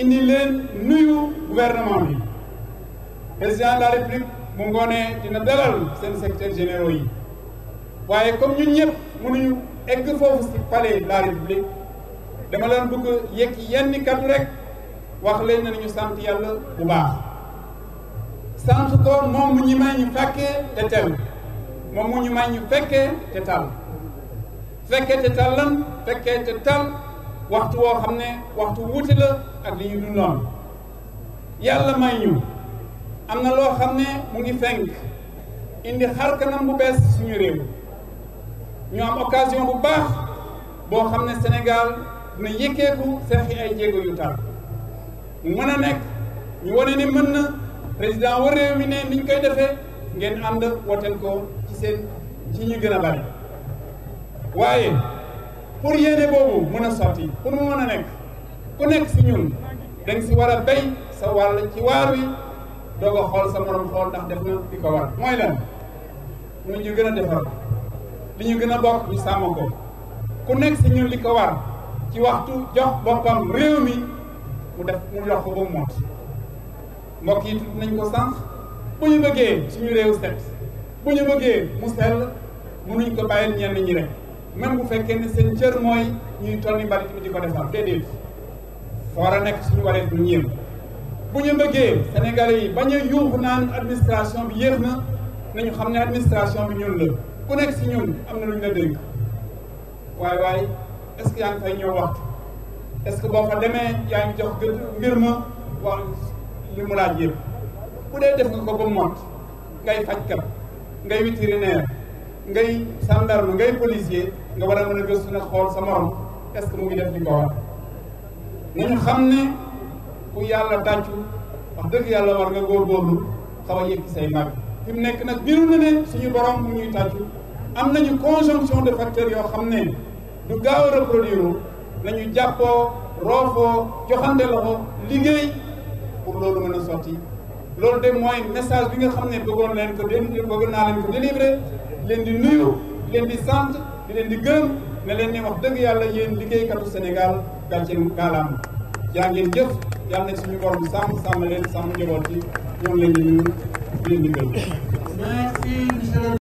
indi leen nuyu gouvernement bi président de la république mu ngoonee dina dalal seen secrétaire généraux yi waaye comme ñun ñëpp mënuñu egg foofu ci palais la république dama leen bëgg yegg yenn kàddu rek wax leen ne ñu sant yàlla bu baax sant ko moom mu ñu may ñu fekkee te tel moom mu ñu may ñu fekkee te tal fekkee te tal fekkee te tal waxtu woo xam ne waxtu wuute la ak li ñu dul noonu yàlla may ñu am na loo xam ne mu ngi fenk indi xar kanam bu bees suñu réew ñu am occasion bu baax boo xam ne Sénégal dina yëkkeeku seexi ay jéego yu tar mu mën a nekk ñu wane ni mën na président wa réew mi ne niñ koy defee ngeen ànd woteel ko ci seen ci ñu gën a bari waaye pour yéene boobu mën a sotti pour mu mën a nekk ko nekk si ñun danga si war a béy sa wàll ci waar wi doo ko xool sa morom xool ndax def na di ko war mooy lan mu ñu gën a defar li gën a bokk ñu sàmm ko ku nekk si ñun li ko war ci waxtu jox boppam réew mi mu def mu jox ko ba mu moot mbokk yi tudd nañ ko sànq bu ñu bëggee suñu réew set bu ñu bëggee mu sell mënuñ ko bàyyil ñenn ñi rek même bu fekkee ne seen cër mooy ñuy tonni mbalit mi di ko defar déedéet fa war a nekk suñu wareef du ñéem bu ñu bëggee Sénégalais yi bañ a yuuxu naan administration bi yéex na nañu xam ne administration bi ñun la ku nekk si ñun am na lu ñu la dénk waaye waaye est-ce que yaa ngi fay ñëw waxtu est que boo fa demee yaa ngi jox gë mbir ma wax li mu laaj yëpp bu dee def nga ko ba mot ngay fajkat ngay vétérinaire ngay gendarme ngay policier nga war a mën a gëstu nag xool sa morom est ce que mu ngi def li ko war nañu xam ne ku yàlla tàccu wax dëgg yàlla war nga góorgóorlu xaw a yëkki say mag fi mu nekk nag bi na ne suñu borom mu ñuy tàccu am nañu conjonction de facteurs yoo xam ne du gaaw a reproduire nañu jàppoo roofoo joxante loxo liggéey pour loolu mën a sotti loolu de mooy message bi nga xam ne bëggoon leen ko dé bëggoon naa leen ko délivrer leen di nuyu leen di sant di leen di gërëm ne leen ni wax dëgg yàlla yéen liggéeykatu Sénégal gàcce ngaalaam yaa ngeen jëf yàlla na suñu borom sàmm sàmm leen sàmm njaboot yi ñoom leen nuyu leen di gërëm